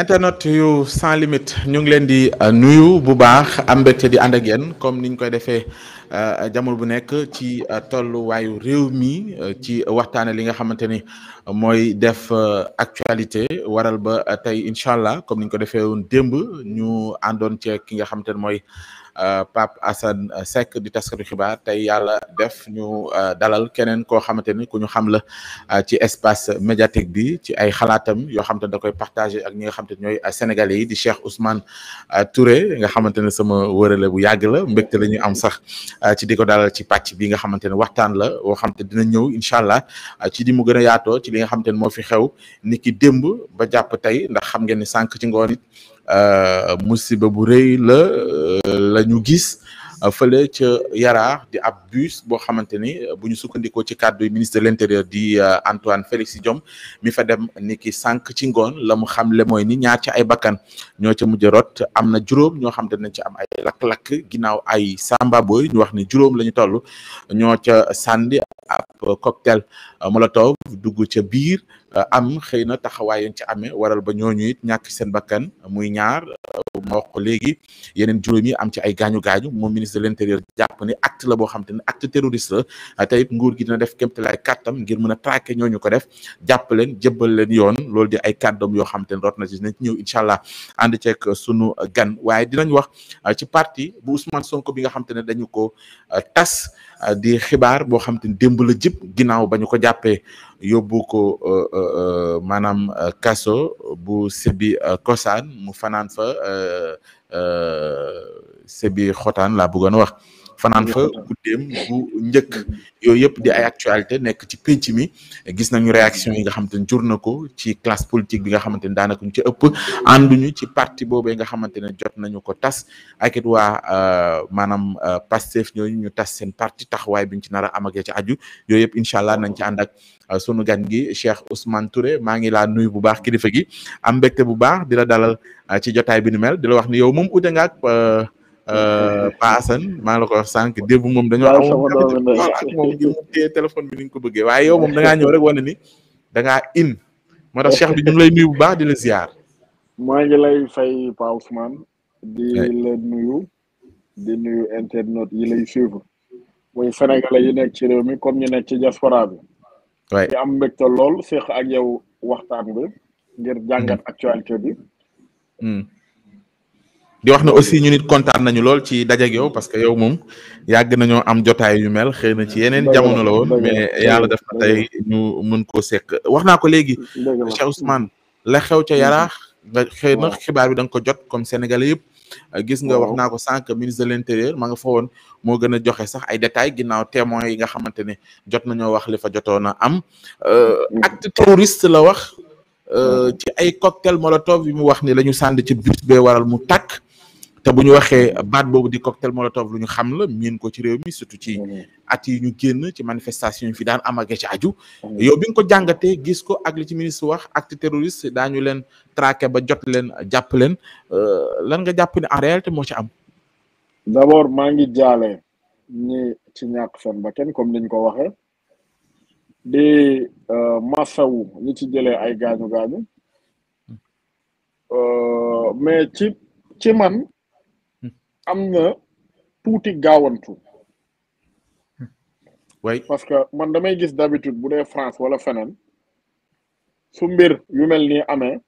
internet yu sans ñu ngi leen di euh, nuyu bu baax am mbégte di ànd ak yéen comme niñ koy defee Euh, jamono bu nekk ci euh, tolluwaayu réew mi euh, ci waxtaane li nga xamante ni mooy def actualité waral ba tey incha allah comme ni ñu ko defee woon démb ñu àndoon ci ki nga xamante ni mooy Pape Assane Seck di taskatu xibaar tey yàlla def ñu dalal keneen koo xamante ni ku ñu xam la ci espace médiatique bi ci ay xalaatam yoo xam ni da koy partager ak ñi nga xamante ni ñooy sénégal yi di Cheikh Ousmane Touré nga xamante ne sama wërale bu yàgg la mbégte la ñu am sax Euh, ci di ko dalal ci pàcc bi nga xamante ne waxtaan la woo xam te dina ñëw incha allah euh, ci di mu gën a yaatoo ci li nga xamante ne moo fi xew ni ki démb ba jàpp tey ndax xam ngeen ni sànq ci ngoon it euh, musiba bu rëy la la ñu gis Euh, fële ca Yaraax di ab bus boo xamante ni euh, bu ñu sukkandikoo ci kàddu ministre de l'intérieur di euh, Antoine Félix Diome mi fa dem ni ki sànq ci ngoon la mu xamle mooy ni ñaar ay bakkan ñoo ca mujj rot am na juróom ñoo xam te nañ ci am ay lakk-lakk ginnaaw ay samba boy ñu wax ni juróom la ñu toll ñoo ab euh, cocktail euh, molotov dugg ca biir euh, am xëy na taxawaay yañ ci amee waral ba ñooñu it ñàkk seen bakkan muy ñaar ma wax léegi yeneen juróom yi am ci ay gaañu gaañu moom ministre de l'intérieur jàpp ne acte la boo xam te ne acte terroriste la te it nguur gi dina def kéemtalaay kàttam ngir mën a traquer ñooñu ko def jàpp leen jëbbal leen yoon loolu di ay kàddoom yoo xam te ne rot na ci dinañ ci ñëw incha allah ànd ceeg sunu gan waaye dinañ wax ci parti bu Ousmane Sonko bi nga xam ne dañu ko démb la jëpp ginnaaw ba ñu ko jàppee yóbbu ko euh, euh, euh, maanaam kaso bu sebi Kosaan mu fanaan fa Sébi Xotaan laa bëggoon wax fanaan fa guddeem bu njëkk yooyu yëpp di ay actualité nekk ci pénc mi gis nañu réaction yi nga xamante ne jur na ko ci classe politique bi nga xamante ne daanaka ñu ci ëpp ànduñu ci parti boobee nga xamante ne jot nañu ko tas ak it waa euh, maanaam euh, Pastef ñooñu ñu tas seen parti taxawaay biñ ci nar a am ci aju yooyu yëpp incha allah nañ ci ànd ak euh, sunu gan gi Cheikh Ousmane Touré maa ngi laa nuyu bu baax kilifa gi am bu baax di la dalal ci jotaay bi nu mel di la wax ni yow mom ute nga Euh, pa Assane maa la ko wax sànq démb moom dañoo amoon jafe-jafe ak moom ngir mu téye téléphone bi ni ñu ko bëggee waaye yow moom da ngaa ñëw rek wane ni da ngaa in moo tax bi ñu lay nuyu bu baax di la ziar. maa ngi lay fay Pa di la nuyu di nuyu internautes yi lay suivre muy sénégalais nekk ci réew mi comme ñu ci diaspora bi. waay am mbégte lool seex ak yow waxtaan wi ngir jàngat mm-hmm. actualité bi. Mm. di wax ne aussi ñu nit kontaan nañu lool ci dajeeg yo parce que yow moom yàgg nañoo am jotaay yu mel xëy na ci yeneen jamono la woon mais yàlla def na tey ñu mën koo sekk wax naa ko léegi Cheikh Ousmane la xew ca yara nga xëy na xibaar da nga ko jot comme sénégalais yëpp gis nga wax naa ko sànq ministre de l'intérieur ma nga fa woon moo gën a joxe sax ay détails ginnaaw témoins yi nga xamante ne jot nañoo wax le fa jotoon a am euh, acte terroriste la wax euh, ci ay cocktail molotov yi mu wax ni la ñu sànd ci bus bee waral mu tàkk te bu ñu waxee baat boobu di cocktail molotov lu ñu xam la miin ko ci réew mi surtout ci mm-hmm. at yi ñu génn ci manifestation yi fi daan am ak ci aju mm-hmm. yo bi nga ko jàngatee gis ko ak li ci ministre wax acte terroriste daañu leen traqué ba jot leen jàpp leen euh, lan nga jàpp ne en moo ci am d'abord maa ngi jaale ñi ci ñàkk seen ba kenn comme niñ ko waxee di euh, masawu ñi ci jëlee ay gaañu gaañu mm. euh, mais ci ci man am na tuuti gaawantu. parce que man damay gis d'habitude bu dee France wala feneen su mbir yu mel nii amee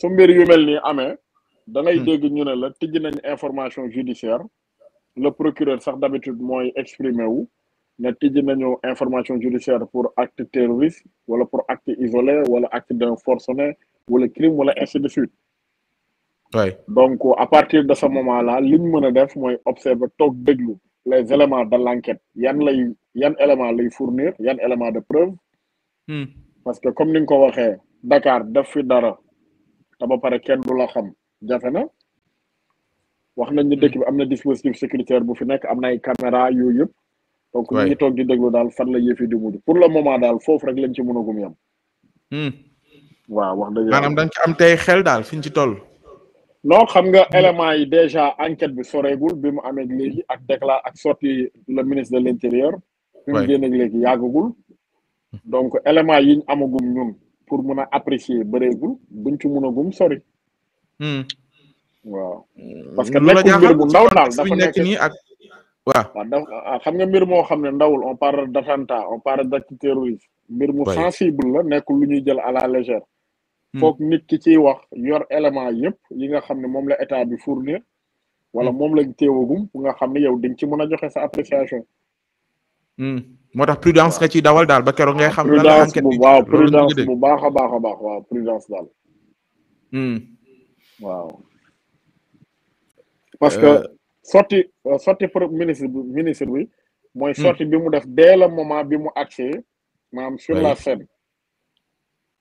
su mbir yu mel nii amee. da hmm. dégg ñu ne la tijji nañ information judiciaire le procureur sax d'habitude mooy exprimer wu ne tijji nañu information judiciaire pour acte terroriste wala pour acte isolé wala acte d'un forcené wala crime wala ainsi de suite. donc à partir de ce moment là li ñu mën a def mooy observer toog déglu les éléments de l' yan lay yan élément lay fournir yan élément de preuve hmm. parce que comme ni nga ko waxee Dakar def fi dara te ba pare kenn du la xam jafe na wax nañ ni hmm. dëkk bi am na dispositif sécuritaire bu fi nekk am na ay caméra yooyu yëpp donc ñu ngi toog déglu daal fan la yëf yi di mujj pour le moment daal foofu rek lañ ci mën a gum yam hmm. waaw wax dëgg maanaam dañ ci am daal fi ñu ci non xam nga mm. élément yi déjà enquête bi soreegul bi mu amee ak déclare ak sorti le ministre de l' intérieur bi léegi yàggagul donc élément yiñ ñu amagum ñun pour mun a apprécier bëreegul buñ ci mun a gum sori mm. waaw mm. parce que nekkul mbir bu ndaw daal dafa nekk nii ak waaw ah, xam nga mbir moo xam ne ndawul on parle d' attentat on parle d' acte terroriste sensible la nekkul lu ñuy jël à la légère Hmm. foog nit ki ciy wax yor élément yëpp yi nga xam ne moom la état bi fournir wala hmm. moom lañ teewagum nga xam ne yow dañ ci mën a joxe sa appréciation. Hmm. moo tax prudence nga ciy dawal daal ba keroog ngay xam. lan la enquête bi waaw prudence bu baax a baax a baax waaw prudence daal. waaw. parce que euh. sorti euh, sorti pour ministre bi ministre bi. mooy sorti bi mu def dès le moment bi mu accès maanaam sur la scène.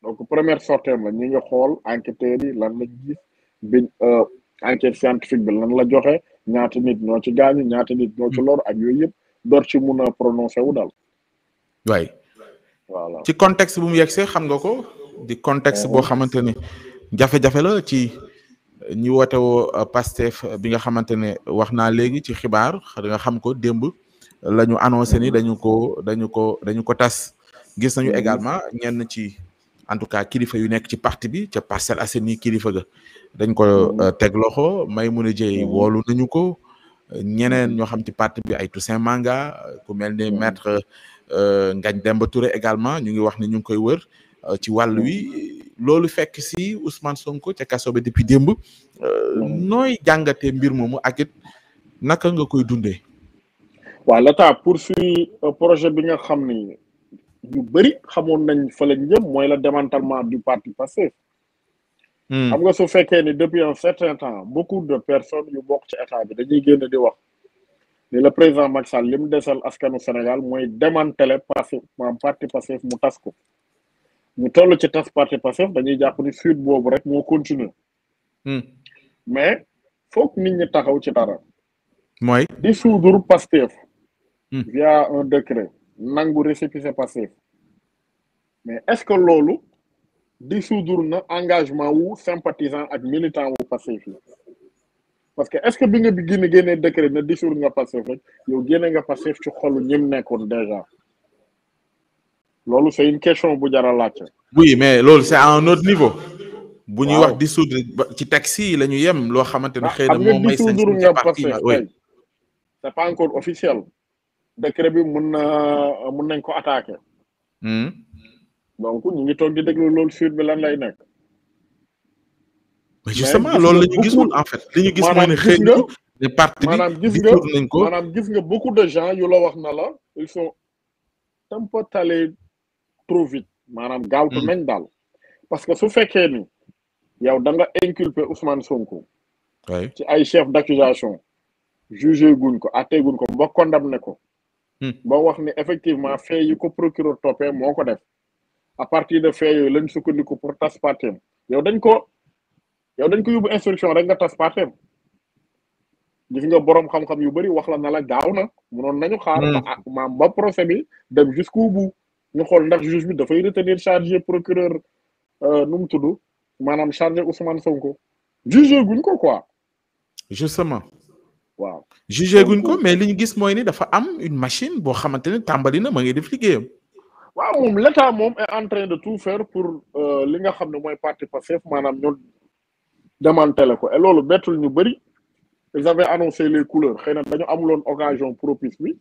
donc première sortie la ñu ngi xool enquêteurs yi lan lañ gis bi euh, enquête bi lan la joxe ñaata nit ñoo ci gaañu ñaata nit ñoo ci lor ak yooyu yëpp door ci mun a prononcé wu daal. waay. ci contexte bu mu yegsee xam nga ko. di contexte boo euh. xamante ne jafe-jafe la ci ñi wotewo woo euh, bi nga xamante ne wax naa léegi ci xibaar nga xam ko démb lañu ñu ni mm-hmm. dañu ko dañu ko dañu ko tas gis nañu mm-hmm. également ñenn ci. en tout cas kilifa yu nekk ci parti bi ca Parcelles Assainies kilifa ga dañ ko mm-hmm. euh, teg loxo Maimouna Dièye mm-hmm. woolu nañu ko ñeneen ñoo xam ci parti bi ay Toussaint Manga ku mel ni mm-hmm. maître euh, Ngagne Demba Touré également ñu ngi wax ni ñu ngi koy wër euh, ci wàll wi loolu fekk si Ousmane Sonko ca kaso ba depuis nooy jàngatee mbir moomu ak naka nga koy dundee. waaw l'État poursuit projet bi xam ni. ñu bëri xamoon nañ fa lañ jëm mooy le démantèlement du parti Pastef hmm. xam nga su fekkee ni depuis un certain temps beaucoup de personnes yu bokk ci état bi dañuy génn di wax ni le président Macky Sall lim mu desal askanu Sénégal mooy démanteler Pastef maanaam parti Pastef mu tas mu ñu toll ci tas parti Pastef dañuy jàpp ni suite boobu rek moo continuer hmm. mais foog nit ñi taxaw ci dara mooy dissoudre Pastef hmm. via un décret nangu récépissé passif mais est-ce que loolu dissoudre na engagement wu sympathisant ak militant wu passif yi parce que est-ce que bi nga bi génne génnee décret na dissoudre nga passif rek yow génne nga passif ci xolu ñim nekkoon déjà loolu c'est une question bu jar a laajte oui mais loolu c'est à un autre niveau bu ñuy wax dissoudre ci taxi yi la ñu yem loo xamante ne ah, xëy na moom may sañ nga passif c'est pas encore officiel décret bi mun na mun nañ ko attaqué. Hmm. donc ñu ngi toog di déglu loolu suite bi lan lay nekk. mais justement loolu la ñu gisul en fait. li ñu gis mooy ne xëy na les partis bi di nañ ko maanaam gis nga beaucoup de gens yu la wax na la ils sont un peu allés trop vite. maanaam gaawtu hmm. nañ daal. parce que su fekkee ni yow da nga inculpé Ousmane Sonko. ci ay chef d' accusation jugé guñ ko àtte guñ ko ba ne ko. Hmm. ba wax ne effectivement hmm. fee yu ko procureur toppee moo ko def à partir de fee yooyu lañ sukkandiku pour tas parteem yow dañ ko yow dañ ko yóbbu instruction rek nga tas parteem gis nga borom xam-xam yu bëri wax la na la gaaw na munoon nañu xaar hmm. ak ah, maam ba procès bi dem jusqu'au bout ñu xool ndax juge bi dafay retenir chargé procureur euh, nu mu tudd maanaam chargé Ousmane Sonko jugé guñ ko quoi justement waaw jugé guñ ko mais li ñu gis mooy ni dafa am une machine boo xamante ne tàmbali na ma ngi def liggéeyam. waaw moom l'état moom est en de tout faire pour euh, li nga xam ne mooy parti Pastef maanaam ñu démantelé ko et loolu bettul ñu bëri ils avaient annoncé les couleurs xëy na dañu amuloon occasion propice bi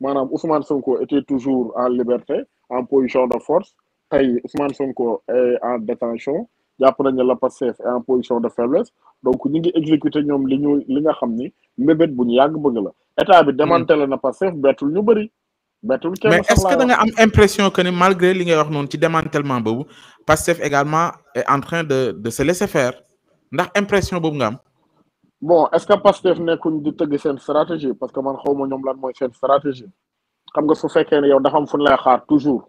maanaam Ousmane Sonko était toujours en liberté en position de force tey Ousmane Sonko est en détention jàpp nañ ne la Pastef est en position de faiblesse donc ñu ngi exécuter ñoom li ñu li nga xam ni mbébét bu ñu yàgg bëgg la état bi démantelé na Pastef bettul ñu bëri. bettul kenn mais est-ce nga am impression que ni malgré li ngay wax noonu ci démantèlement boobu Pastef également est en train de se laisser faire ndax impression boobu nga am. bon est-ce que Pastef nekkuñ di tëgg seen stratégie parce que man xawma ñoom lan mooy seen stratégie xam nga su fekkee ne yow dafa am fu xaar toujours.